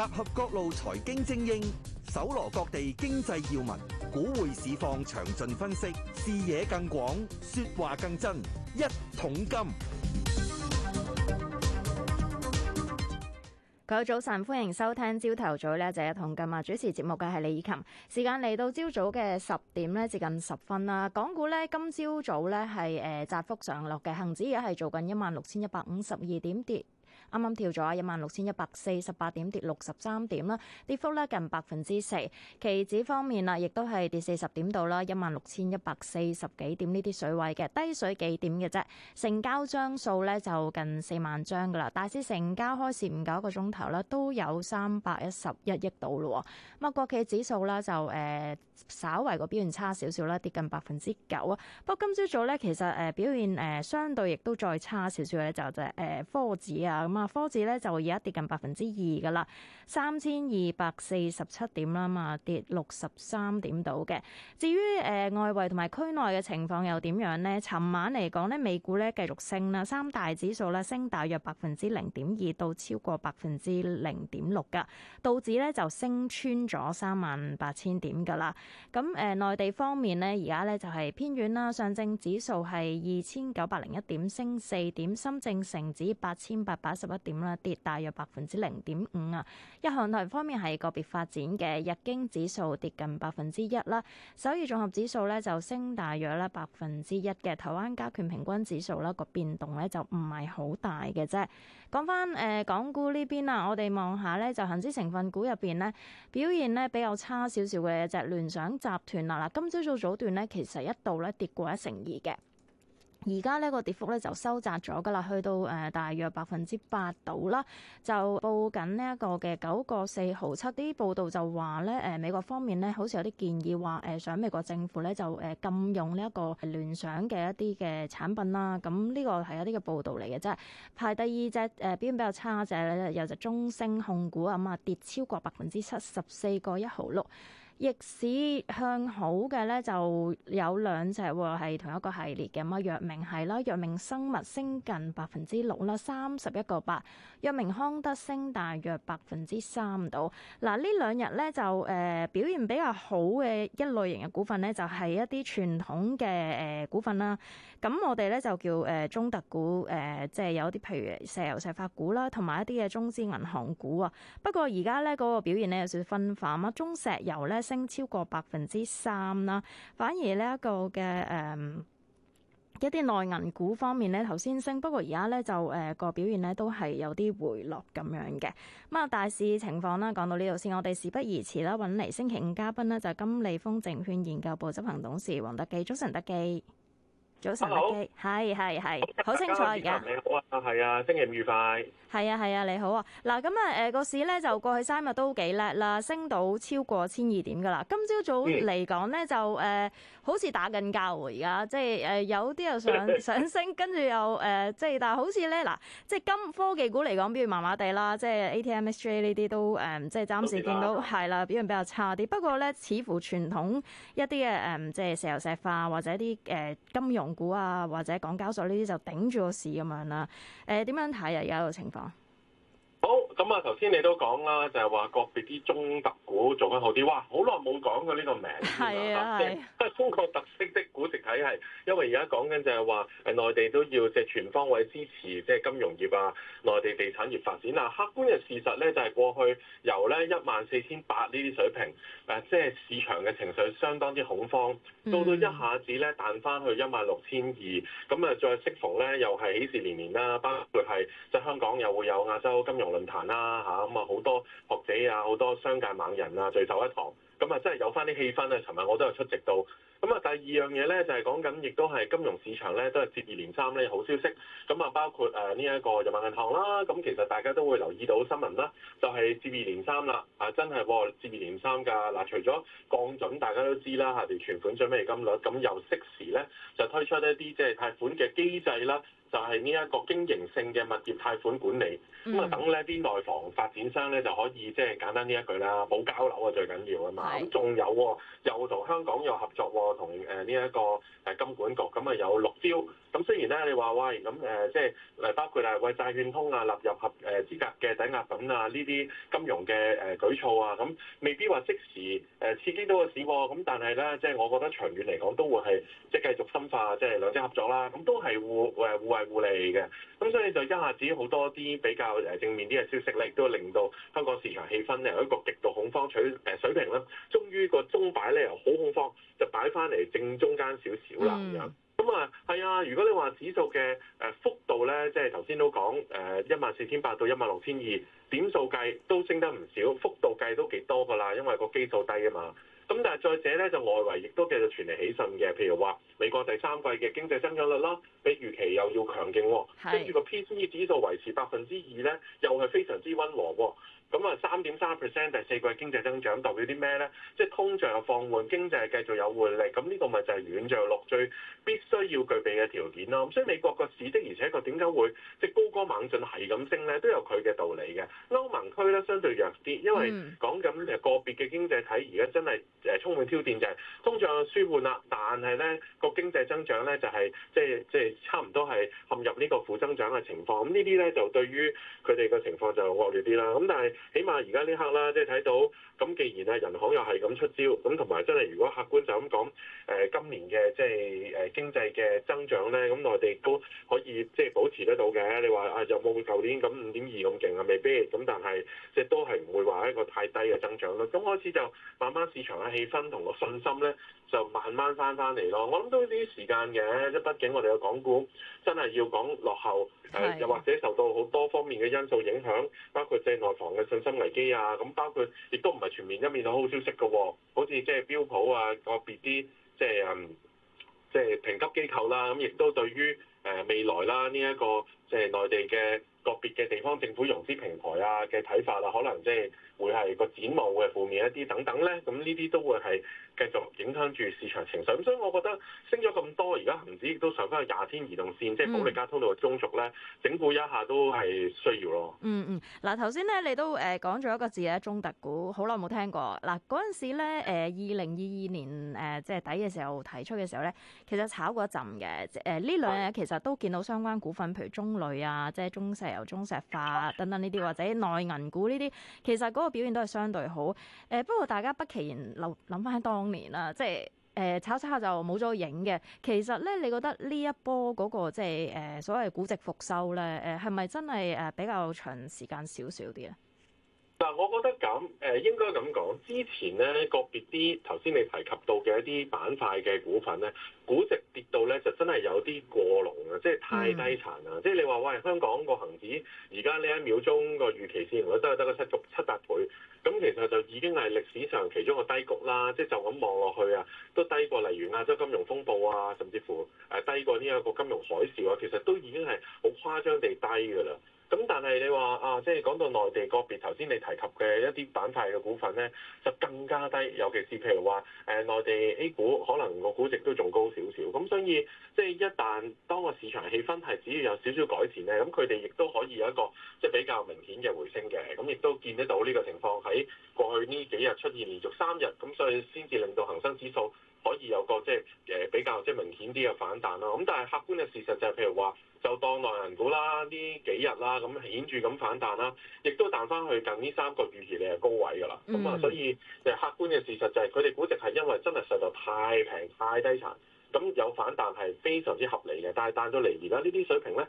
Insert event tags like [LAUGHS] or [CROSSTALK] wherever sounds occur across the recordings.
集合各路財經精英，搜羅各地經濟要聞，股匯市況詳盡分析，視野更廣，說話更真，一桶金。各位早晨，歡迎收聽朝頭早咧，就係一桶金呀，主持節目嘅係李以琴。時間嚟到朝早嘅十點咧，接近十分啦。港股咧今朝早咧係誒窄幅上落嘅，恒指而家係做緊一萬六千一百五十二點跌。啱啱跳咗一萬六千一百四十八點，跌六十三點啦，跌幅咧近百分之四。期指方面啦，亦都係跌四十點到啦，一萬六千一百四十幾點呢啲水位嘅，低水幾點嘅啫。成交張數咧就近四萬張噶啦。大市成交開市唔夠一個鐘頭啦，都有三百一十一億到咯。咁啊，國企指數啦就誒、呃、稍為個表現差少少啦，跌近百分之九啊。不過今朝早咧其實誒表現誒相對亦都再差少少嘅就就誒科指啊咁。科指呢就而家跌近百分之二噶啦，三千二百四十七點啦嘛，跌六十三點到嘅。至於誒、呃、外圍同埋區內嘅情況又點樣呢？尋晚嚟講呢，美股呢繼續升啦，三大指數呢升大約百分之零點二到超過百分之零點六噶，道指呢就升穿咗三萬八千點噶啦。咁誒內地方面呢，而家呢就係偏軟啦，上證指數係二千九百零一點升四點，深證成指八千八百十。一點啦，跌大約百分之零點五啊。日韓台方面係個別發展嘅，日經指數跌近百分之一啦，首爾綜合指數咧就升大約咧百分之一嘅，台灣加權平均指數啦個變動咧就唔係好大嘅啫。講翻誒，港股呢邊啊，我哋望下咧，就恆指成分股入邊咧表現咧比較差少少嘅一隻聯想集團啦。嗱，今朝早早段咧，其實一度咧跌過一成二嘅。而家呢個跌幅咧就收窄咗噶啦，去到誒大約百分之八度啦，就報緊呢一個嘅九個四毫七。啲報道就話咧誒美國方面咧，好似有啲建議話誒、呃、想美國政府咧就誒禁用呢一個聯想嘅一啲嘅產品啦。咁、啊、呢、這個係有啲嘅報道嚟嘅啫。就是、排第二隻誒表現比較差隻咧，有就中升控股啊嘛、嗯，跌超過百分之七，十四個一毫六。逆市向好嘅咧就有兩隻喎，係同一個系列嘅，咁啊藥明係啦，藥明生物升近百分之六啦，三十一個八；藥明康德升大約百分之三度。嗱，兩呢兩日咧就誒、呃、表現比較好嘅一類型嘅股份咧，就係、是、一啲傳統嘅誒、呃、股份啦、啊。咁我哋咧就叫誒中特估，誒即係有啲譬如石油石化股啦，同埋一啲嘅中資銀行股啊。不過而家咧嗰個表現咧有少少分化，啊中石油咧。升超過百分之三啦，反而呢、嗯、一個嘅誒一啲內銀股方面呢頭先升，不過而家呢就誒個、呃、表現呢都係有啲回落咁樣嘅。咁啊，大市情況啦，講到呢度先，我哋事不宜遲啦，揾嚟星期五嘉賓呢，就係、金利豐證券研究部執行董事黃德幾，早晨，德幾。早晨，德幾，啊、好，係係係，好大家 清楚而家。你好啊，係啊，星期五愉快。係啊係啊，你好啊。嗱，咁啊，誒，個市咧就過去三日都幾叻啦，升到超過千二點噶啦。今朝早嚟講咧就誒，好似打緊交戙而家，即係誒有啲又想 [LAUGHS] 上升，跟住又誒、呃，即係但係好似咧嗱，即係金科技股嚟講，比如麻麻地啦，即係 ATMSJ 呢啲，都誒、嗯，即係暫時見到係啦，表現比較差啲。不過咧，似乎傳統一啲嘅誒，即係石油石化或者一啲誒金融。港股啊，或者港交所呢啲就頂住個市咁樣啦。誒、呃，點樣睇啊？而家個情況？好咁、哦、啊！頭先你都講啦，就係話個別啲中特股做得好啲，哇！好耐冇講過呢個名，係 [LAUGHS] 啊，即係中國特色的估值體系，因為而家講緊就係話，誒內地都要即係全方位支持即係金融業啊、內地地，地產業發展啊。客觀嘅事實咧，就係、是、過去由咧一萬四千八呢啲水平，誒、呃、即係市場嘅情緒相當之恐慌，到到一下子咧彈翻去一萬六千二，咁啊再適逢咧又係喜事連連啦，包括係即係香港又會有亞洲金融。論壇啦嚇，咁啊好多學者啊，好多商界猛人啊聚首一堂，咁啊真係有翻啲氣氛啊！尋日我都有出席到，咁啊第二樣嘢咧就係講緊，亦都係金融市場咧都係接二連三呢好消息，咁啊包括誒呢一個人民銀行啦，咁其實大家都會留意到新聞啦，就係、是、接二連三啦，啊真係接二連三㗎嗱、啊，除咗降準大家都知啦嚇，條存款準備金率，咁又適時咧就推出一啲即係貸款嘅機制啦。就係呢一個經營性嘅物業貸款管理，咁啊、嗯、等呢啲內房發展商咧就可以即係、就是、簡單呢一句啦，保交樓啊最緊要啊嘛，咁仲是有、哦、又同香港有合作、哦，同誒呢一個誒金管局，咁、嗯、啊有六招。咁雖然咧，你話喂咁誒，即係誒包括啦，為債券通啊納入合誒資格嘅抵押品啊，呢啲金融嘅誒舉措啊，咁未必話即時誒刺激到個市喎。咁但係咧，即係我覺得長遠嚟講都會係即係繼續深化，即係兩者合作啦。咁都係互誒互惠互，互利嘅。咁所以就一下子好多啲比較誒正面啲嘅消息咧，亦都令到香港市場氣氛咧有一個極度恐慌取誒水平啦。終於個鐘擺咧又好恐慌，就擺翻嚟正中間少少啦咁樣。嗯咁啊，係、嗯、啊，如果你話指數嘅誒、呃、幅度咧，即係頭先都講誒，一萬四千八到一萬六千二。點數計都升得唔少，幅度計都幾多㗎啦，因為個基數低啊嘛。咁但係再者咧，就外圍亦都繼續傳嚟喜訊嘅，譬如話美國第三季嘅經濟增長率啦，比預期又要強勁喎、哦。跟住是個 PCE 指數維持百分之二咧，又係非常之溫和喎、哦。咁啊，三點三 percent 第四季經濟增長代表啲咩咧？即係通脹又放緩，經濟繼續有活力，咁呢個咪就係軟着陸最必須要具備嘅條件咯。咁所以美國個市的而且確點解會即係高歌猛進係咁升咧，都有佢嘅道理嘅。歐盟區咧，相對弱啲，因為講緊其實個別嘅經濟體而家真係誒充滿挑戰，就係通脹舒緩啦，但係咧個經濟增長咧就係即係即係差唔多係陷入呢個負增長嘅情況。咁呢啲咧就對於佢哋嘅情況就惡劣啲啦。咁但係起碼而家呢刻啦，即係睇到咁，既然啊人行又係咁出招，咁同埋真係如果客觀就咁講，誒、呃、今年嘅即係誒經濟嘅增長咧，咁內地都可以即係、就是、保持得到嘅。你話啊有冇舊年咁五點二咁勁啊？未必。咁但係即係都係唔會話一個太低嘅增長咯。咁開始就慢慢市場嘅氣氛同個信心咧，就慢慢翻翻嚟咯。我諗都呢啲時間嘅，即係畢竟我哋嘅港股真係要講落後，誒又的或者受到好多方面嘅因素影響，包括即係內房嘅信心危機啊。咁包括亦都唔係全面一面都好消息嘅喎、啊，好似即係標普啊，個別啲即係嗯即係評級機構啦、啊。咁亦都對於誒未來啦呢一個即係內地嘅個別嘅地方政府融資平台啊嘅睇法啊，可能即係會係個展望會係負面一啲等等咧，咁呢啲都會係繼續影響住市場情緒，咁所以我覺得升咗咁多，而家恒指亦都上翻去廿天移動線，即係保歷加通道嘅中軸咧，整固一下都係需要咯、嗯。嗯嗯，嗱頭先咧你都誒講咗一個字咧，中特估好耐冇聽過。嗱嗰陣時咧誒二零二二年誒即係底嘅時候提出嘅時候咧，其實炒過一陣嘅，誒呢兩日其實都見到相關股份，譬如中旅啊，即係中石。由、中石化等等呢啲或者內銀股呢啲，其實嗰個表現都係相對好。誒，不過大家不期然諗翻喺當年啦，即係誒、呃、炒炒下就冇咗影嘅。其實咧，你覺得呢一波嗰、那個即係誒、呃、所謂估值復收咧，誒係咪真係誒比較長時間少少啲咧？我覺得咁誒、呃、應該咁講，之前咧個別啲頭先你提及到嘅一啲板塊嘅股份咧，估值跌到咧就真係有啲過龍啊，即係太低殘啊！即係你話喂，香港個恒指而家呢一秒鐘個預期市盈率唔得，得個七七百倍，咁其實就已經係歷史上其中個低谷啦。即係就咁望落去啊，都低過例如亞洲金融風暴啊，甚至乎誒低過呢一個金融海嘯啊，其實都已經係好誇張地低㗎啦。咁但係你話啊，即係講到內地個別頭先你提及嘅一啲板塊嘅股份咧，就更加低，尤其是譬如話誒、呃、內地 A 股，可能個估值都仲高少少。咁所以即係一旦當個市場氣氛係只要有少少改善咧，咁佢哋亦都可以有一個即係比較明顯嘅回升嘅。咁亦都見得到呢個情況喺過去呢幾日出現連續三日，咁所以先至令到恒生指數。可以有個即係誒比較即係明顯啲嘅反彈啦，咁但係客觀嘅事實就係、是，譬如話就當內銀股啦，呢幾日啦，咁顯著咁反彈啦，亦都彈翻去近呢三個月以來嘅高位噶啦，咁啊、嗯，所以其實、就是、客觀嘅事實就係佢哋估值係因為真係實在太平太低殘，咁有反彈係非常之合理嘅，但係彈到嚟而家呢啲水平咧。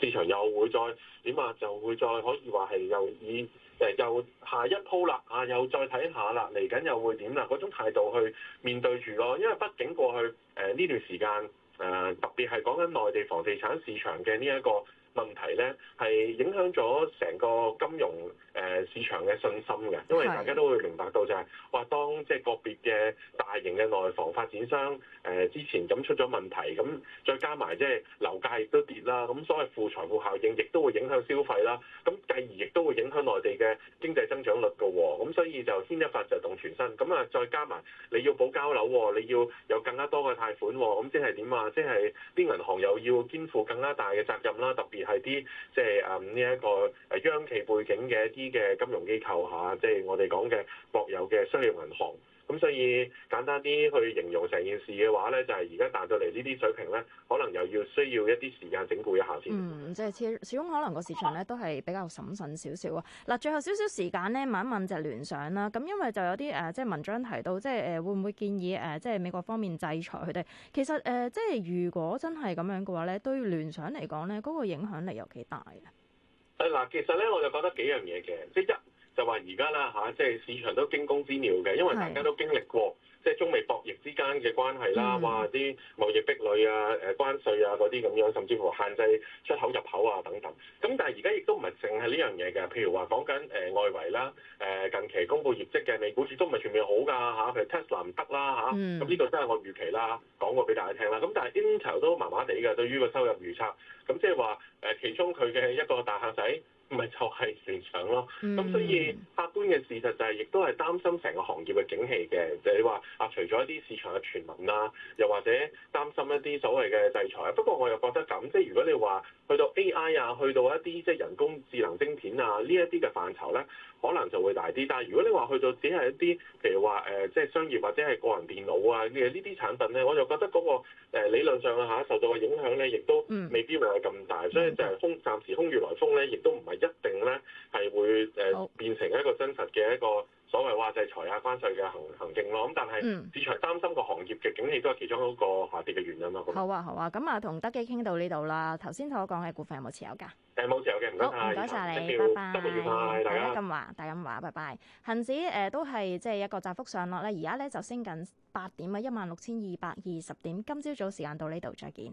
市場又會再點啊？就會再可以話係又以誒又下一鋪啦啊！又再睇下啦，嚟緊又會點啦、啊？嗰種態度去面對住咯，因為畢竟過去誒呢、呃、段時間誒、呃、特別係講緊內地房地產市場嘅呢一個。問題咧係影響咗成個金融誒、呃、市場嘅信心嘅，因為大家都會明白到就係、是、話當即係個別嘅大型嘅內房發展商誒、呃、之前咁出咗問題，咁再加埋即係樓價亦都跌啦，咁所謂負財富效應亦都會影響消費啦，咁繼而亦都會影響內地嘅經濟增長率嘅喎，咁所以就牽一髮就動全身，咁啊再加埋你要補交樓，你要有更加多嘅貸款，咁即係點啊？即係啲銀行又要肩負更加大嘅責任啦，特別。係啲即係啊呢一，就是，個央企背景嘅一啲嘅金融機構，吓，即係我哋講嘅國有嘅商業銀行。咁所以簡單啲去形容成件事嘅話咧，就係而家彈到嚟呢啲水平咧，可能又要需要一啲時間整固一下先。嗯，即係始始終可能個市場咧都係比較審慎少少啊。嗱，最後少少時間咧問一問就聯想啦。咁因為就有啲誒、呃、即係文章提到，即係誒會唔會建議誒、呃、即係美國方面制裁佢哋？其實誒、呃、即係如果真係咁樣嘅話咧，對於聯想嚟講咧嗰、那個影響力有幾大啊？誒嗱，其實咧我就覺得幾樣嘢嘅，即一。就話而家啦嚇，即係市場都驚弓之鳥嘅，因為大家都經歷過，即係中美博弈之間嘅關係啦，哇啲的貿易壁壘啊、誒關稅啊嗰啲咁樣，甚至乎限制出口、入口啊等等。咁但係而家亦都唔係淨係呢樣嘢嘅，譬如話講緊誒外圍啦，誒近期公布業績嘅美股市都唔係全面好㗎嚇，譬如 Tesla 唔得啦嚇，咁呢的、嗯、個都係我預期啦，講過俾大家聽啦。咁但係 Intel 都麻麻地嘅，對於個收入預測，咁即係話誒其中佢嘅一個大客仔。咪就係成長咯。咁所以客觀嘅事實就係，亦都係擔心成個行業嘅景氣嘅。就係你話啊，除咗一啲市場嘅傳聞啦，又或者擔心一啲所謂嘅制裁。不過我又覺得咁，即係如果你話去到 A.I. 啊，去到一啲即係人工智能晶片啊呢一啲嘅範疇咧，可能就會大啲。但係如果你話去到只係一啲，譬如話誒，即係商業或者係個人電腦啊嘅呢啲產品咧，我又覺得嗰個理論上下受到嘅影響咧，亦都未必會係咁大。所以即係空，暫時空穴來風咧，亦都唔係。一定咧係會誒變成一個真實嘅一個所謂話制裁啊關稅嘅行行徑咯，咁但係市場擔心個行業嘅景氣都係其中一個下跌嘅原因咯、啊。好啊好啊，咁啊同德幾傾到呢度啦。頭先同我講嘅股份有冇持有㗎？誒冇、欸、持有嘅，唔該曬，唔該曬你家，拜拜。大家咁話大咁話，拜、呃、拜。恒指誒都係即係一個窄幅上落咧，而家咧就升緊八點啊，一萬六千二百二十點。今朝早時間到呢度，再見。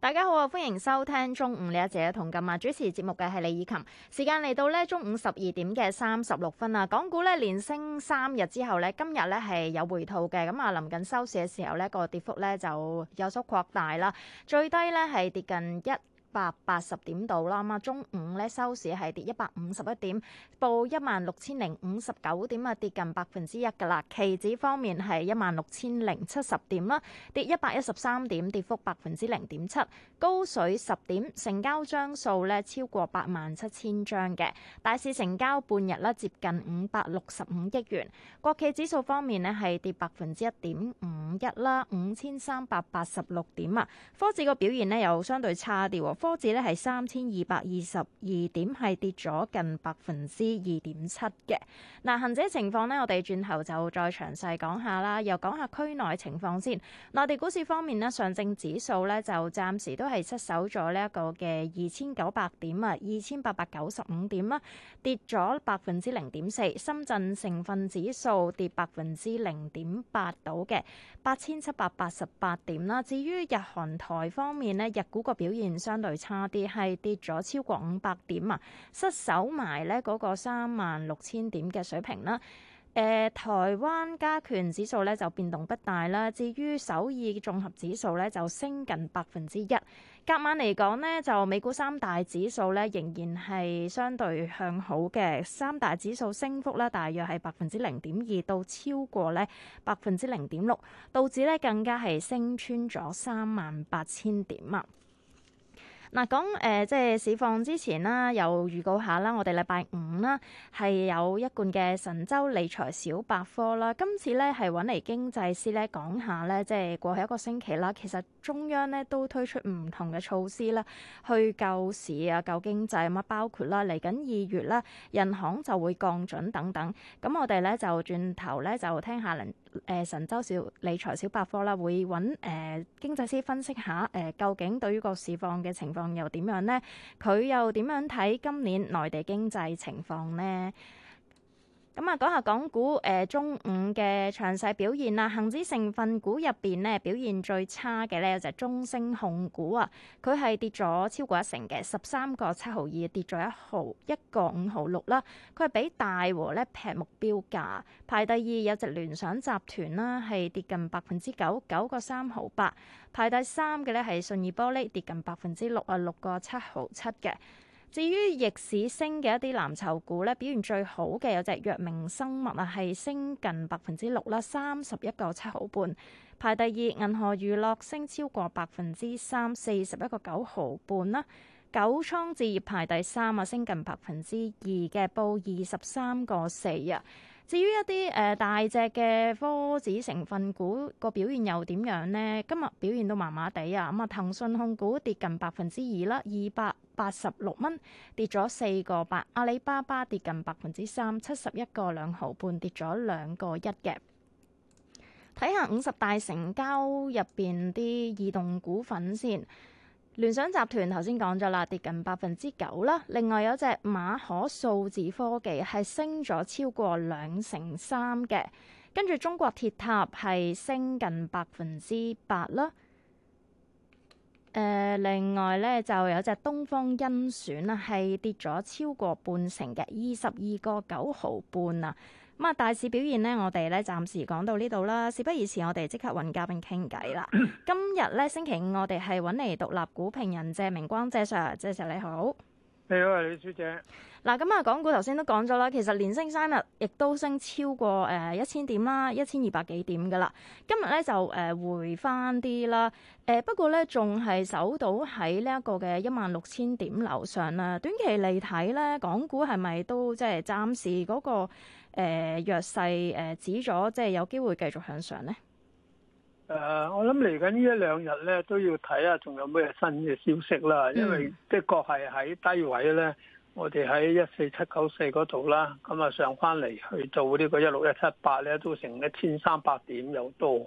大家好，啊，歡迎收聽中午李阿姐同，今晚主持節目嘅係李以琴。時間嚟到咧中午十二點嘅三十六分啊。港股咧連升三日之後咧，今日咧係有回吐嘅，咁啊臨近收市嘅時候咧個跌幅咧就有所擴大啦，最低咧係跌近一。百八十點度啦嘛，中午咧收市係跌一百五十一點，報一萬六千零五十九點啊，跌近百分之一噶啦。期指方面係一萬六千零七十點啦，跌一百一十三點，跌幅百分之零點七，高水十點，成交張數咧超過八萬七千張嘅，大市成交半日咧接近五百六十五億元。國企指數方面咧係跌百分之一點五一啦，五千三百八十六點啊。科技個表現咧又相對差啲喎。科指呢，係三千二百二十二點，係跌咗近百分之二點七嘅。嗱，行者情況呢，我哋轉頭就再詳細講下啦。又講下區內情況先。內地股市方面呢，上證指數呢，就暫時都係失守咗呢一個嘅二千九百點啊，二千八百九十五點啦，跌咗百分之零點四。深圳成分指數跌百分之零點八到嘅八千七百八十八點啦。至於日韓台方面呢，日股個表現相對。差啲係跌咗超過五百點啊，失守埋咧嗰個三萬六千點嘅水平啦。誒、呃，台灣加權指數咧就變動不大啦。至於首爾綜合指數咧就升近百分之一。隔晚嚟講咧，就美股三大指數咧仍然係相對向好嘅，三大指數升幅咧大約係百分之零點二到超過呢百分之零點六，道指咧更加係升穿咗三萬八千點啊。嗱，講誒、呃，即係市況之前啦，又預告下啦。我哋禮拜五啦，係有一貫嘅神州理財小百科啦。今次咧係揾嚟經濟師咧講下咧，即係過去一個星期啦，其實中央咧都推出唔同嘅措施啦，去救市啊、救經濟咁啊，包括啦嚟緊二月啦，銀行就會降準等等。咁我哋咧就轉頭咧就聽下。誒、呃、神州小理財小百科啦，會揾誒、呃、經濟師分析下誒、呃、究竟對於個市況嘅情況又點樣呢？佢又點樣睇今年內地經濟情況呢？咁啊，講下港股誒中午嘅詳細表現啦。恒指成分股入邊咧，表現最差嘅咧有隻中升控股啊，佢係跌咗超過一成嘅，十三個七毫二，跌咗一毫一個五毫六啦。佢係比大和咧劈目標價。排第二有隻聯想集團啦，係跌近百分之九，九個三毫八。排第三嘅呢係信義玻璃，跌近百分之六啊，六個七毫七嘅。至於逆市升嘅一啲藍籌股咧，表現最好嘅有隻藥明生物啊，係升近百分之六啦，三十一個七毫半。排第二，銀河娛樂升超過百分之三，四十一個九毫半啦。九倉置業排第三啊，升近百分之二嘅，報二十三個四啊。至於一啲誒、呃、大隻嘅科指成分股個表現又點樣呢？今日表現都麻麻地啊！咁、嗯、啊，騰訊控股跌近百分之二啦，二百八十六蚊跌咗四個八；阿里巴巴跌近百分之三，七十一個兩毫半跌咗兩個一嘅。睇下五十大成交入邊啲異動股份先。聯想集團頭先講咗啦，跌近百分之九啦。另外有隻馬可數字科技係升咗超過兩成三嘅，跟住中國鐵塔係升近百分之八啦。誒、呃，另外呢，就有隻東方甄選啊，係跌咗超過半成嘅，二十二個九毫半啊。咁啊，大市表現呢，我哋咧暫時講到呢度啦。事不宜遲，我哋即刻揾嘉賓傾偈啦。 [COUGHS] 今日咧星期五，我哋係揾嚟獨立股評人謝明光謝 Sir，謝 Sir，你好，你好啊，李小姐。嗱，咁啊，港股頭先都講咗啦，其實連升三日，亦都升超過誒、呃呃、一千點啦，一千二百幾點噶啦。今日咧就誒回翻啲啦，誒不過咧仲係守到喺呢一個嘅一萬六千點樓上啦。短期嚟睇咧，港股係咪都即係暫時嗰、那個？誒、呃，弱勢誒、呃，指咗即係有機會繼續向上咧。誒、呃，我諗嚟緊呢一兩日咧都要睇下，仲有咩新嘅消息啦。因為的確係喺低位咧，我哋喺一四七九四嗰度啦，咁啊上翻嚟去做呢個一六一七八咧，都成一千三百點有多。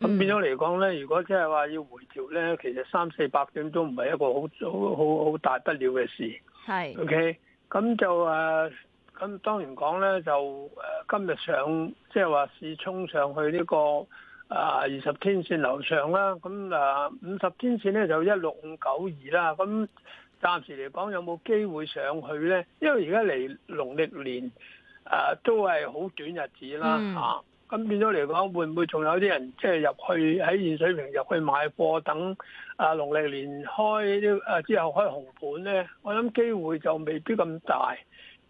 咁變咗嚟講咧，如果即係話要回調咧，其實三四百點都唔係一個好好好好大不了嘅事。係是。OK，咁就誒。呃咁當然講咧，就誒今日上即係話市衝上去呢個啊二十天線樓上啦。咁啊五十天線咧就一六五九二啦。咁暫時嚟講有冇機會上去咧？因為而家嚟農曆年誒、啊、都係好短日子啦嚇。咁、嗯、變咗嚟講，會唔會仲有啲人即係、就是、入去喺現水平入去買貨等啊農曆年開啲誒之後開紅盤咧？我諗機會就未必咁大。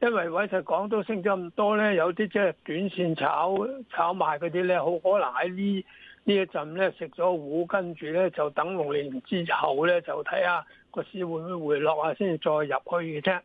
因為偉仔講都升咗咁多咧，有啲即係短線炒炒賣嗰啲咧，好可能喺呢呢一陣咧食咗糊，跟住咧，就等六年之後咧，就睇下個市會唔會回落啊，先至再入去嘅啫。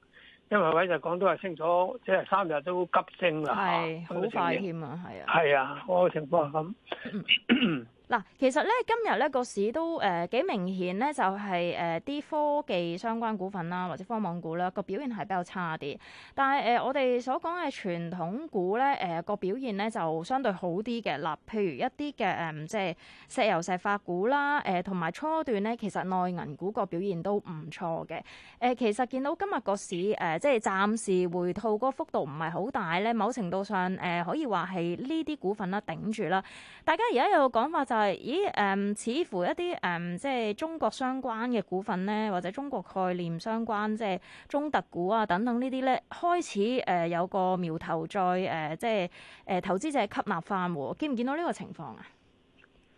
因為偉仔講都話升咗，即係三日都急升啦，係好是快添啊，係啊，係啊，嗰個情況係咁。 [COUGHS] 嗱，其實咧今日咧個市都誒、呃、幾明顯咧，就係誒啲科技相關股份啦，或者科網股啦個表現係比較差啲。但係誒、呃、我哋所講嘅傳統股咧誒個表現咧就相對好啲嘅。嗱，譬如一啲嘅誒即係石油石化股啦，誒同埋初段咧，其實內銀股個表現都唔錯嘅。誒、呃、其實見到今日個市誒、呃、即係暫時回吐個幅度唔係好大咧，某程度上誒、呃、可以話係呢啲股份啦、啊、頂住啦。大家而家有個講法就係。係咦？誒、嗯，似乎一啲誒、嗯，即係中國相關嘅股份咧，或者中國概念相關，即係中特股啊等等呢啲咧，開始誒有個苗頭再誒，即係誒，投資者吸納翻，見唔見到呢個情況啊？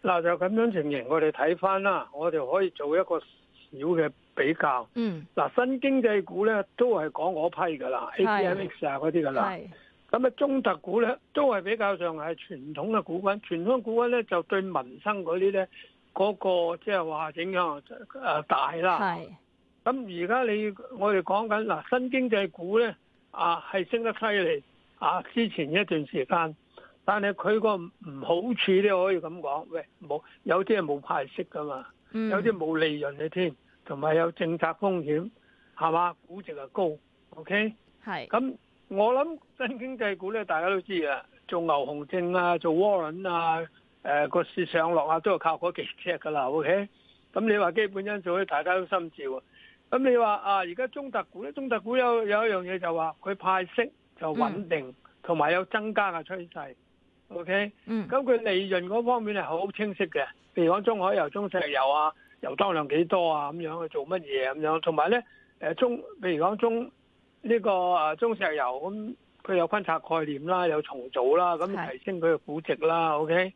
嗱，就咁樣情形，我哋睇翻啦，我哋可以做一個小嘅比較。嗯。嗱，新經濟股咧都係講嗰批噶啦，A P M X 啊嗰啲噶啦。咁啊，中特估咧都係比較上係傳統嘅股份，傳統嘅股份咧就對民生嗰啲咧嗰個即係話影響誒大啦。係是。咁而家你我哋講緊嗱，新經濟股咧啊係升得犀利啊！之前一段時間，但係佢個唔好處咧，可以咁講，喂冇有啲係冇派息噶嘛，嗯、有啲冇利潤嘅添，同埋有，有政策風險，係嘛？估值係高，OK？係是。咁。我諗新經濟股咧，大家都知啊，做牛熊證啊，做窩輪啊，誒個市上落啊，都係靠嗰幾隻噶啦，OK？咁你話基本因素咧，大家都心照啊。咁你話啊，而家中特股咧，中特股有有一樣嘢就話佢派息就穩定，同埋有，有增加嘅趨勢，OK？咁佢利潤嗰方面係好清晰嘅，譬如講中海油、中石油啊，油當量幾多啊，咁樣去做乜嘢咁樣，同埋咧誒中，譬如講中。呢個啊中石油咁佢有分拆概念啦，有重組啦，咁提升佢嘅估值啦。OK，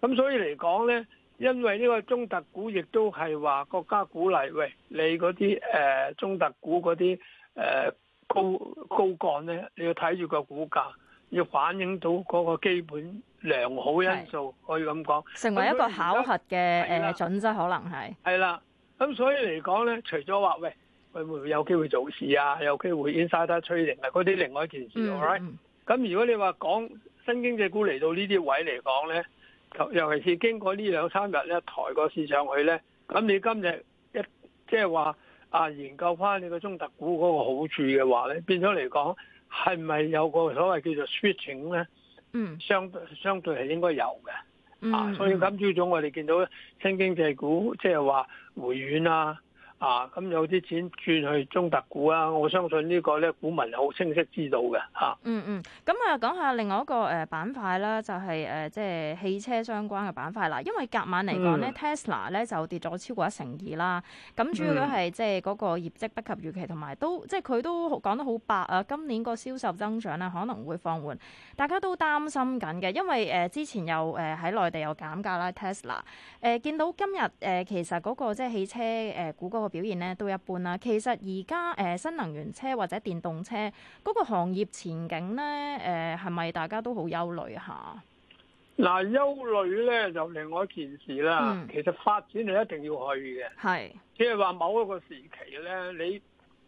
咁所以嚟講咧，因為呢個中特估亦都係話國家鼓勵，喂你嗰啲誒中特估嗰啲誒高高槓咧，你要睇住個股價，要反映到嗰個基本良好因素，是可以咁講，成為一個考核嘅誒、呃、準則，可能係。係啦，咁所以嚟講咧，除咗話喂。佢會唔會有機會做市啊？有機會 insider trading 啊？嗰啲，另外一件事，All right？咁如果你話講新經濟股嚟到呢啲位嚟講呢，尤其是經過呢兩三日呢，抬個市上去呢，咁你今日一即係話啊研究翻你個中特估嗰個好處嘅話呢，變咗嚟講係咪有個所謂叫做 switching 咧？嗯，相相對係應該有嘅。嗯、啊，所以今朝早我哋見到新經濟股即係話回軟啊。啊，咁有啲錢轉去中特股啊！我相信呢個咧，股民好清晰知道嘅嚇。啊、嗯嗯，咁啊講下另外一個誒、呃、板塊啦，就係誒即係汽車相關嘅板塊啦。因為隔晚嚟講咧，Tesla 咧就跌咗超過一成二啦。咁主要嘅係即係嗰個業績不及預期，同埋都即係佢都講得好白啊，今年個銷售增長啊可能會放緩，大家都擔心緊嘅。因為誒之前又誒喺內地又減價啦，Tesla 誒、呃、見到今日誒、呃、其實嗰、那個即係汽車誒股嗰表現咧都一般啦。其實而家誒，新能源車或者電動車嗰個行業前景咧，誒係咪大家都好憂慮下嗱，憂慮咧就另外一件事啦。嗯，其實發展你一定要去嘅。係是。即係話某一個時期咧，你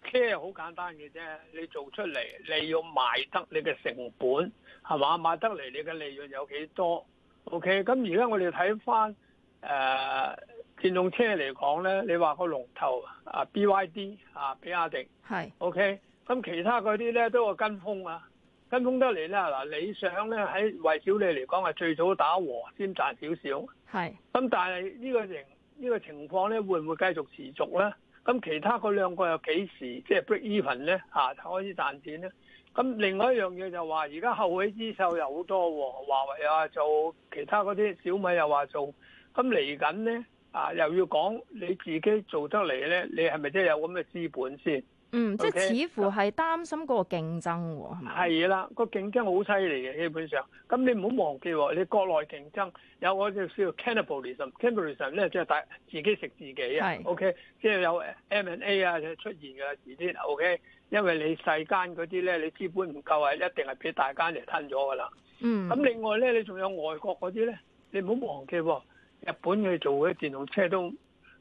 車好簡單嘅啫。你做出嚟，你要賣得你嘅成本，係嘛？賣得嚟你嘅利潤有幾多？OK。咁而家我哋睇翻誒。電動車嚟講咧，你話個龍頭啊，B Y D 啊，比亞迪係 O K。咁是、okay? 其他嗰啲咧都係跟風啊，跟風得嚟咧嗱，理想咧喺蔚小理嚟講係最早打和先賺少少。係咁是，但係呢個情呢、呢個情況咧會唔會繼續持續咧？咁其他嗰兩個又幾時即係 break even 咧？嚇、啊、開始賺錢咧？咁另外一樣嘢就話而家後起之秀又好多喎、啊，華為又話做其他嗰啲，小米又話做咁嚟緊咧。啊，又要講你自己做得嚟咧，你係咪真係有咁嘅資本先？嗯，Okay? 即係似乎係擔心嗰個競爭喎，係咪？係啦，個競爭好犀利嘅，基本上。咁你唔好忘記喎，你國內競爭有我哋叫 cannibalism，cannibalism 咧即係大自己食自己啊，係。OK，即係有 M and A 啊出現㗎啦，遲啲 OK。因為你細間嗰啲咧，你資本唔夠啊，一定係俾大間嚟吞咗㗎啦。嗯。咁另外咧，你仲有外國嗰啲咧，你唔好忘記喎。日本佢做嗰啲電動車都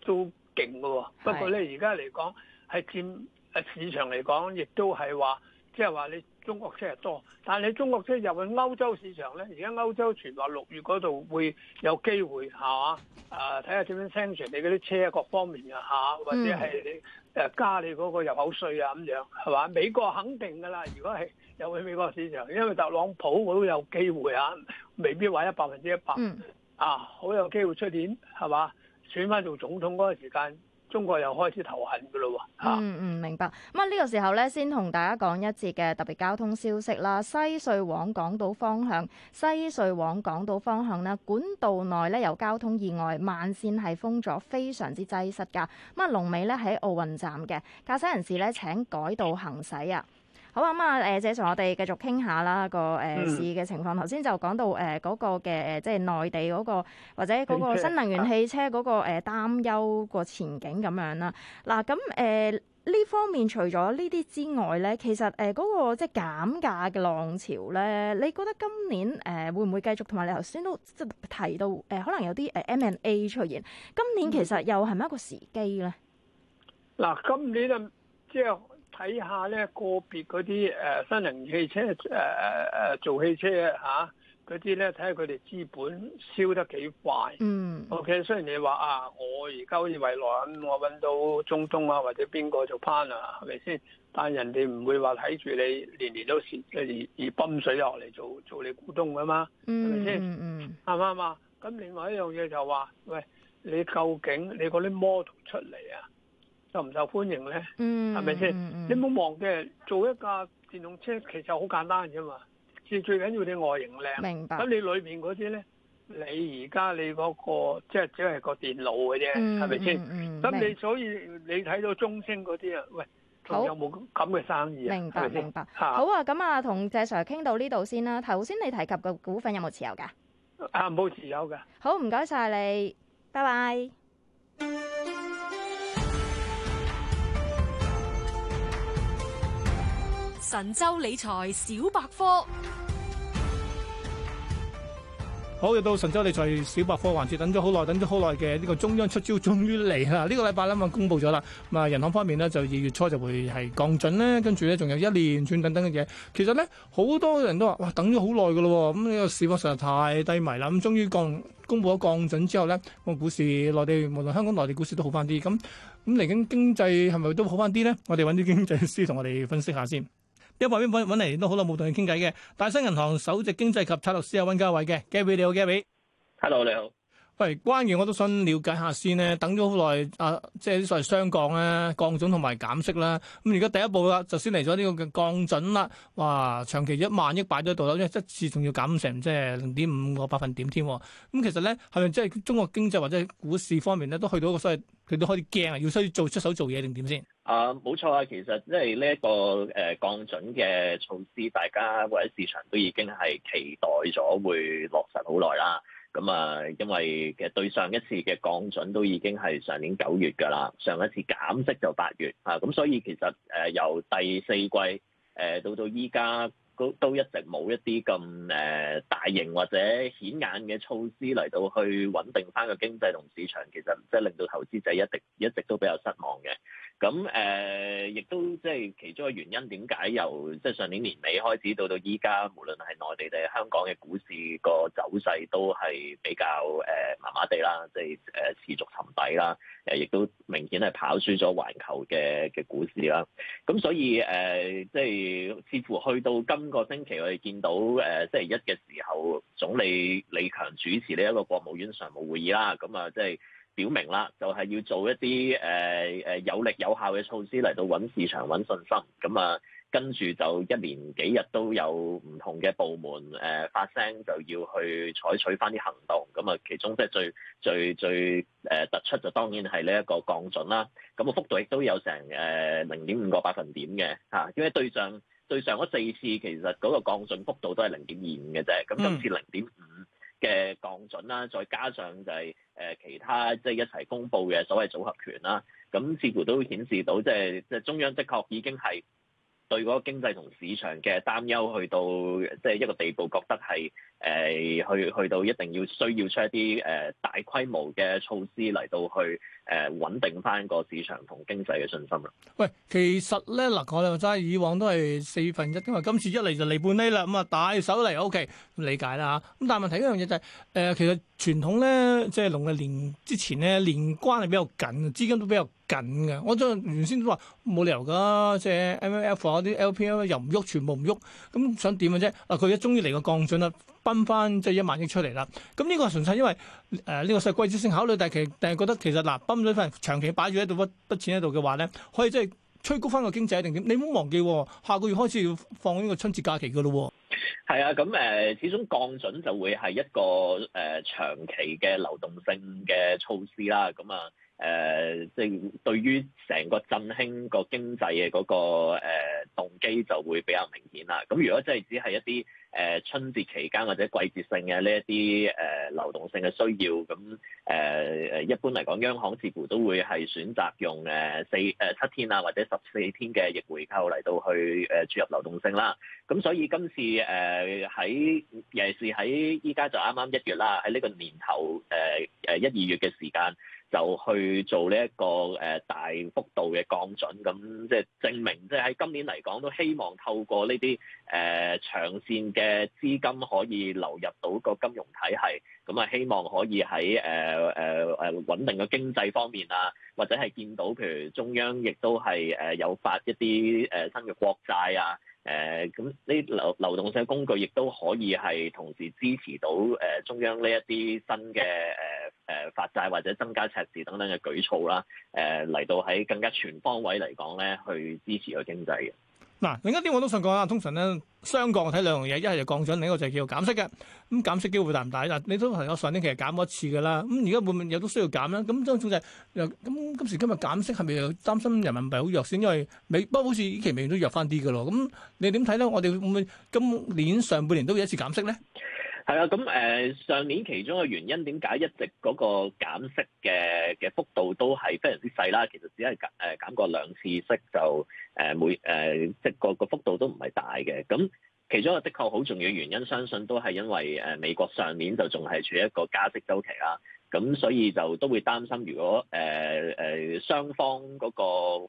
都勁嘅喎，不過咧而家嚟講係佔誒市場嚟講，亦都係話即係話你中國車係多，但係你中國車入去歐洲市場咧，而家歐洲傳話六月嗰度會有機會係嘛？誒睇下點樣聲傳你嗰啲車各方面啊嚇，或者係你誒加你嗰個入口稅啊咁樣係嘛？美國肯定嘅啦，如果係入去美國市場，因為特朗普都有機會嚇、啊，未必話一百分之一百。嗯啊！好有機會出年係嘛？選翻做總統嗰個時間，中國又開始頭痕噶咯喎。啊、嗯嗯，明白咁啊。呢、這個時候咧，先同大家講一節嘅特別交通消息啦。西隧往港島方向，西隧往港島方向咧，管道內咧有交通意外，慢線係封咗，非常之擠塞噶。咁啊，龍尾咧喺奧運站嘅駕駛人士咧，請改道行駛啊！好啊，咁啊，誒，謝謝我哋繼續傾下啦，個誒市嘅情況。頭先、哦、就講到誒嗰、呃那個嘅誒，即係內地嗰、那個或者嗰個新能源汽車嗰、那個誒、呃、擔憂個前景咁樣啦。嗱、啊，咁誒呢方面除咗呢啲之外咧，其實誒嗰、呃那個即係減價嘅浪潮咧，你覺得今年誒、呃、會唔會繼續？同埋你頭先都即提到誒、呃，可能有啲誒 M&A 出現。今年其實又係咪一個時機咧？嗱、嗯，今年就即係。睇下咧個別嗰啲誒新能源汽車誒誒誒做汽車嚇嗰啲咧，睇下佢哋資本燒得幾快。嗯。OK，雖然你話啊，我而家好似蔚來，我揾到中東啊或者邊個做 partner 係咪先？但係人哋唔會話睇住你年年都蝕，而而泵水落嚟做做你股東㗎嘛，是是嗯？嗯。係咪先？嗯嗯。啱嘛嘛。咁另外一樣嘢就話，喂，你究竟你嗰啲 model 出嚟啊？受唔受歡迎咧？嗯，係咪先？你唔好忘記，做一架電動車其實好簡單啫嘛。最最緊要你外形靚。明白。咁你裏面嗰啲咧？你而家你嗰個即係只係個電腦嘅啫，係咪先？咁你所以你睇到中升嗰啲啊？喂，仲有冇咁嘅生意啊？明白明白。好啊，咁啊，同謝 Sir 傾到呢度先啦。頭先你提及嘅股份有冇持有㗎？啊，冇持有㗎。好，唔該晒你。拜拜。神州理財小百科好，又到神州理財小百科環節，等咗好耐，等咗好耐嘅呢個中央出招終於嚟啦。這個、呢個禮拜咧，咁公布咗啦。咁啊，銀行方面呢，就二月初就會係降準咧，跟住咧仲有一連串等等嘅嘢。其實咧好多人都話哇，等咗好耐噶咯，咁、這、呢個市況實在太低迷啦。咁終於降公布咗降準之後咧，個股市內地無論香港內地股市都好翻啲。咁咁嚟緊經濟係咪都好翻啲咧？我哋揾啲經濟師同我哋分析下先。因為邊搵嚟都好耐冇同你傾偈嘅，大新銀行首席經濟及策略師阿温家偉嘅 g a r y 你好 g a r y h e l l o 你好。喂，關於我都想了解下先咧，等咗好耐，啊，即係所謂雙降咧，降準同埋減息啦。咁而家第一步啦，就先嚟咗呢個降準啦。哇，長期一萬億擺咗度啦，因為一次仲要減成即係零點五個百分點添。咁、嗯、其實咧，係咪即係中國經濟或者股市方面咧，都去到一個所謂佢都開始驚啊，要需要做出手做嘢定點先？啊，冇錯啊，其實即係呢一個誒降準嘅措施，大家或者市場都已經係期待咗會落實好耐啦。咁啊、嗯，因為其實對上一次嘅降準都已經係上年九月㗎啦，上一次減息就八月嚇，咁、啊嗯、所以其實誒、呃，由第四季誒、呃、到到依家。都都一直冇一啲咁誒大型或者顯眼嘅措施嚟到去穩定翻個經濟同市場，其實即係令到投資者一直一直都比較失望嘅。咁誒亦都即係其中嘅原因，點解由即係上年年尾開始到到依家，無論係內地定係香港嘅股市個走勢都係比較誒麻麻地啦，即係誒持續沉底啦，誒亦都明顯係跑輸咗環球嘅嘅股市啦。咁所以誒即係似乎去到今。今個星期我哋見到誒，星期一嘅時候，總理李強主持呢一個國務院常務會議啦，咁啊，即係表明啦，就係要做一啲誒誒有力有效嘅措施嚟到穩市場穩信心。咁啊，跟住就一連幾日都有唔同嘅部門誒發聲，就要去採取翻啲行動。咁啊，其中即係最最最誒突出就當然係呢一個降準啦。咁個幅度亦都有成誒零點五個百分點嘅吓，因為對象。對上嗰四次其實嗰個降準幅度都係零點二五嘅啫，咁今次零點五嘅降準啦，再加上就係誒其他即係一齊公布嘅所謂組合拳啦，咁似乎都顯示到即係即係中央的確已經係對嗰個經濟同市場嘅擔憂去到即係一個地步，覺得係。誒去去到一定要需要出一啲誒、呃、大規模嘅措施嚟到去誒、呃、穩定翻個市場同經濟嘅信心咯。喂，其實咧嗱，我哋齋以往都係四分一，因為今次一嚟就嚟半厘啦，咁啊大手嚟，OK，理解啦嚇。咁、啊、但係問題一樣嘢就係、是、誒、呃，其實。傳統咧，即、就、係、是、農曆年之前咧，年關係比較緊，資金都比較緊嘅。我就原先都話冇理由噶，即係、MM、MLF 啊啲 LPR 又唔喐，全部唔喐，咁、嗯、想點嘅啫？嗱、啊，佢一終於嚟個降準啦，泵翻即係一萬億出嚟啦。咁、嗯、呢、這個純粹因為誒呢、呃這個實質性考慮，但係其但係覺得其實嗱，泵、呃、咗份長期擺住喺度筆筆錢喺度嘅話咧，可以即係吹高翻個經濟定點？你唔好忘記、哦，下個月開始要放呢個春節假期嘅咯。哦。係啊，咁誒始終降準就會係一個誒、呃、長期嘅流動性嘅措施啦，咁啊。誒，即係、呃、對於成個振興個經濟嘅、那、嗰個誒、呃、動機就會比較明顯啦。咁如果真係只係一啲誒、呃、春節期間或者季節性嘅呢一啲誒流動性嘅需要，咁誒誒一般嚟講，央行似乎都會係選擇用誒四誒七天啊或者十四天嘅逆回購嚟到去誒注入流動性啦。咁所以今次誒喺、呃、尤其是喺依家就啱啱一月啦，喺呢個年頭誒誒一二月嘅時間。就去做呢一個誒大幅度嘅降準，咁即係證明，即係喺今年嚟講都希望透過呢啲誒長線嘅資金可以流入到個金融體系，咁啊希望可以喺誒誒誒穩定嘅經濟方面啊，或者係見到譬如中央亦都係誒有發一啲誒新嘅國債啊，誒咁呢流流動性工具亦都可以係同時支持到誒、呃、中央呢一啲新嘅誒。呃誒發債或者增加赤字等等嘅舉措啦，誒、呃、嚟到喺更加全方位嚟講咧，去支持個經濟嘅。嗱、啊，另一啲我都想講啦，通常咧雙降睇兩樣嘢，一係就降準，另一個就係叫做減息嘅。咁減息機會大唔大？嗱、啊，你都提過上年期減過一次噶啦。咁而家會唔會有都需要減咧？咁所以總之咁今時今日減息係咪又擔心人民幣好弱先？因為美不過好似呢期美元都弱翻啲噶咯。咁、嗯、你點睇咧？我哋會唔會今年上半年都會一次減息咧？係啊，咁誒上年其中嘅原因點解一直嗰個減息嘅嘅幅度都係非常之細啦，其實只係減誒、呃、減過兩次息就誒每誒即個個幅度都唔係大嘅。咁其中一個的確好重要原因，相信都係因為誒美國上年就仲係處於一個加息周期啦。咁所以就都會擔心，如果誒誒雙方嗰個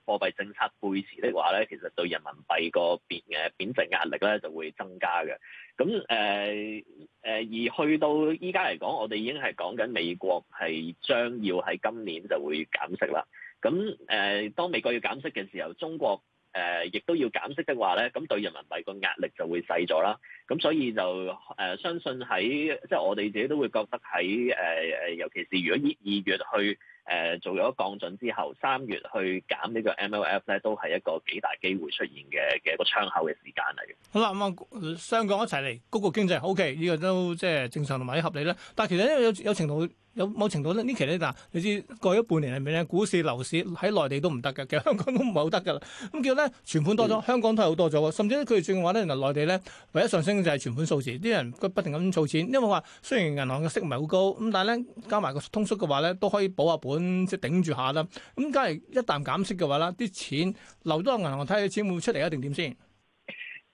貨幣政策背馳的話咧，其實對人民幣個邊嘅貶值壓力咧就會增加嘅。咁誒誒而去到依家嚟講，我哋已經係講緊美國係將要喺今年就會減息啦。咁誒、呃、當美國要減息嘅時候，中國。誒，亦、呃、都要減息的話咧，咁對人民幣個壓力就會細咗啦。咁所以就誒、呃，相信喺即係我哋自己都會覺得喺誒誒，尤其是如果二二月去誒、呃、做咗降準之後，三月去減呢個 M L F 咧，都係一個幾大機會出現嘅嘅一個窗口嘅時間嚟嘅。好啦，咁、嗯、啊，雙港一齊嚟，谷個經濟 O K，呢個都即係正常同埋合理咧。但係其實因為有有，有程度。有某程度咧，期呢期咧，嗱，你知過咗半年入面咧，股市、樓市喺內地都唔得嘅，其實香港都唔係好得嘅啦。咁叫咧，存款多咗，嗯、香港都係好多咗。甚至佢哋轉話咧，原來內地咧唯一上升就係存款數字，啲人不停咁儲錢，因為話雖然銀行嘅息唔係好高，咁但係咧加埋個通縮嘅話咧，都可以補下本即係頂住下啦。咁梗係一啖減息嘅話啦，啲錢留多喺銀行睇下，錢，錢會出嚟一定點先？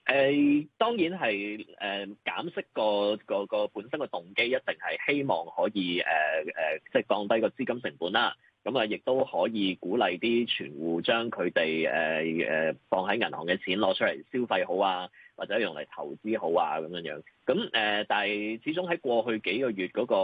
誒、uh, 當然係誒減息個個個本身嘅動機一定係希望可以誒誒，即、uh, 係、uh, 降低個資金成本啦。咁、嗯、啊，亦都可以鼓勵啲存戶將佢哋誒誒放喺銀行嘅錢攞出嚟消費好啊，或者用嚟投資好啊咁樣樣，咁誒，但、呃、係始終喺過去幾個月嗰、那個、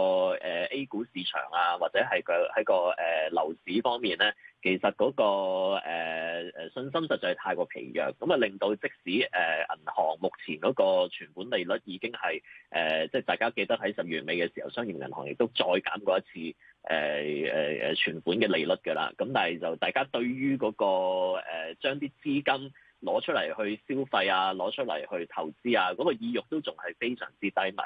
呃、A 股市場啊，或者係、那個喺個誒樓市方面咧，其實嗰、那個誒、呃、信心實在太過疲弱，咁啊令到即使誒、呃、銀行目前嗰個存款利率已經係誒，即、呃、係、就是、大家記得喺十月尾嘅時候，商業銀行亦都再減過一次誒誒誒存款嘅利率㗎啦，咁但係就大家對於嗰、那個誒、呃、將啲資金。攞出嚟去消費啊，攞出嚟去投資啊，嗰個意欲都仲係非常之低迷。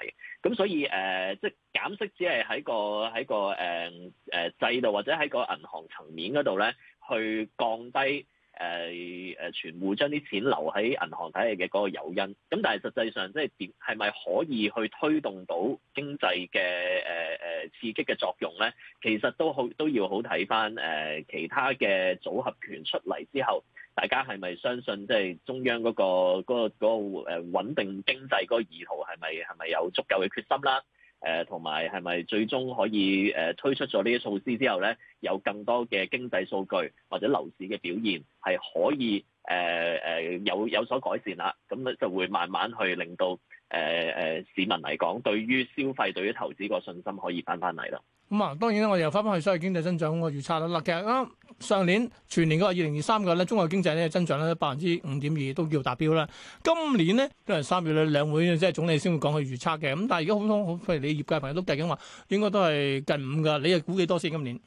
咁所以誒，即係減息只係喺個喺個誒誒制度或者喺個銀行層面嗰度咧，去降低誒誒存戶將啲錢留喺銀行體系嘅嗰個誘因。咁但係實際上，即係點係咪可以去推動到經濟嘅誒誒刺激嘅作用咧？其實都好都要好睇翻誒其他嘅組合拳出嚟之後。大家係咪相信即係中央嗰、嗰個嗰、嗰個嗰、嗰個、穩定經濟嗰個意圖係咪係咪有足夠嘅決心啦？誒同埋係咪最終可以誒、呃、推出咗呢啲措施之後咧，有更多嘅經濟數據或者樓市嘅表現係可以誒誒、呃呃、有有所改善啦？咁咧就會慢慢去令到誒誒、呃、市民嚟講，對於消費，對於投資個信心可以返返嚟咯。咁啊、嗯，當然咧，我哋又翻翻去所謂經濟增長個預測啦。其實啱、啊、上年全年嗰個二零二三個咧，中國經濟咧增長咧百分之五點二，都叫達標啦。今年咧都係三月咧，兩會即係總理先會講佢預測嘅。咁但係而家好多好譬如，你業界朋友都計緊話，應該都係近五㗎。你又估幾多先今年？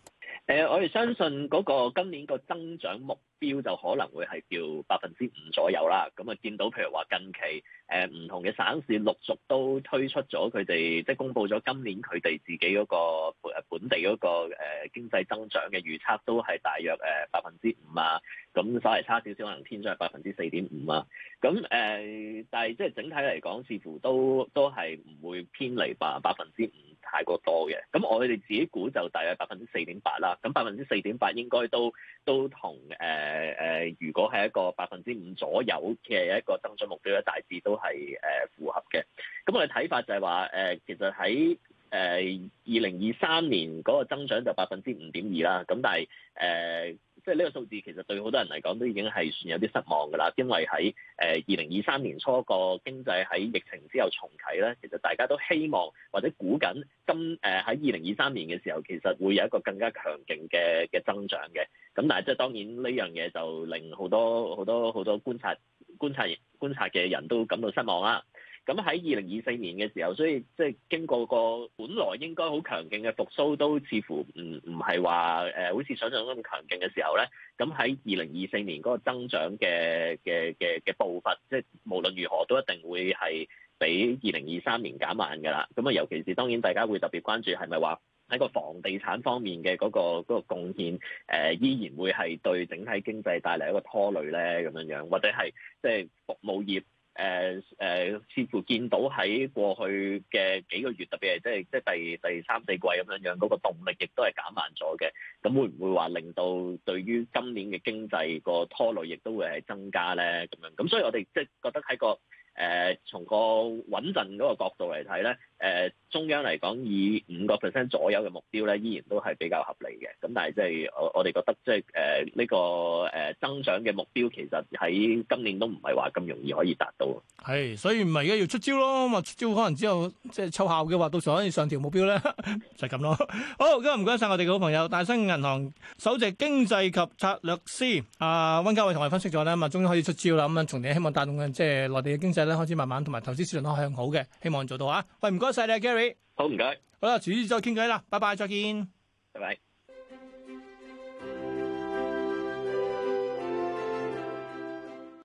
誒、呃，我哋相信嗰個今年個增長目標就可能會係叫百分之五左右啦。咁啊，見到譬如話近期誒唔、呃、同嘅省市陸續都推出咗佢哋，即係公布咗今年佢哋自己嗰、那個本地嗰、那個誒、呃、經濟增長嘅預測，都係大約誒百分之五啊。咁稍為差少少，可能偏向百分之四點五啊。咁誒、呃，但係即係整體嚟講，似乎都都係唔會偏離百百分之五。太過多嘅，咁我哋自己估就大約百分之四點八啦，咁百分之四點八應該都都同誒誒，如果係一個百分之五左右嘅一個增長目標咧，大致都係誒、呃、符合嘅。咁我哋睇法就係話誒，其實喺誒二零二三年嗰個增長就百分之五點二啦，咁但係誒、呃即係呢個數字其實對好多人嚟講都已經係算有啲失望㗎啦，因為喺誒二零二三年初個經濟喺疫情之後重啟咧，其實大家都希望或者估緊今誒喺二零二三年嘅時候其實會有一個更加強勁嘅嘅增長嘅，咁但係即係當然呢樣嘢就令好多好多好多觀察觀察觀察嘅人都感到失望啦。咁喺二零二四年嘅時候，所以即係經過個本來應該好強勁嘅復甦，都似乎唔唔係話誒，好似想象咁強勁嘅時候咧。咁喺二零二四年嗰個增長嘅嘅嘅嘅步伐，即係無論如何都一定會係比二零二三年減慢㗎啦。咁啊，尤其是當然大家會特別關注係咪話喺個房地產方面嘅嗰個嗰個貢獻，誒依然會係對整體經濟帶嚟一個拖累咧咁樣樣，或者係即係服務業。誒誒、呃呃，似乎見到喺過去嘅幾個月，特別係即係即係第第三四季咁樣樣，嗰、那個動力亦都係減慢咗嘅。咁會唔會話令到對於今年嘅經濟個拖累亦都會係增加咧？咁樣咁，所以我哋即係覺得喺個誒、呃、從個穩陣嗰個角度嚟睇咧，誒，中央嚟講以五個 percent 左右嘅目標咧，依然都係比較合理嘅。咁但係即係我我哋覺得即係誒呢個誒增長嘅目標，其實喺今年都唔係話咁容易可以達到。係，所以唔係而家要出招咯，咁啊出招可能之後即係奏效嘅話，到時候可以上調目標咧， [LAUGHS] 就係咁咯。好，今日唔該晒我哋嘅好朋友大新銀行首席經濟及策略師阿、呃、溫嘉偉，同我哋分析咗咧，咁啊終於可以出招啦。咁啊，從點希望帶動即係內地嘅經濟咧，開始慢慢同埋投資市場都向好嘅，希望做到啊。喂，唔該。多謝你，Gary。好，唔該。好啦，遲啲再傾偈啦，拜拜，再見。拜拜。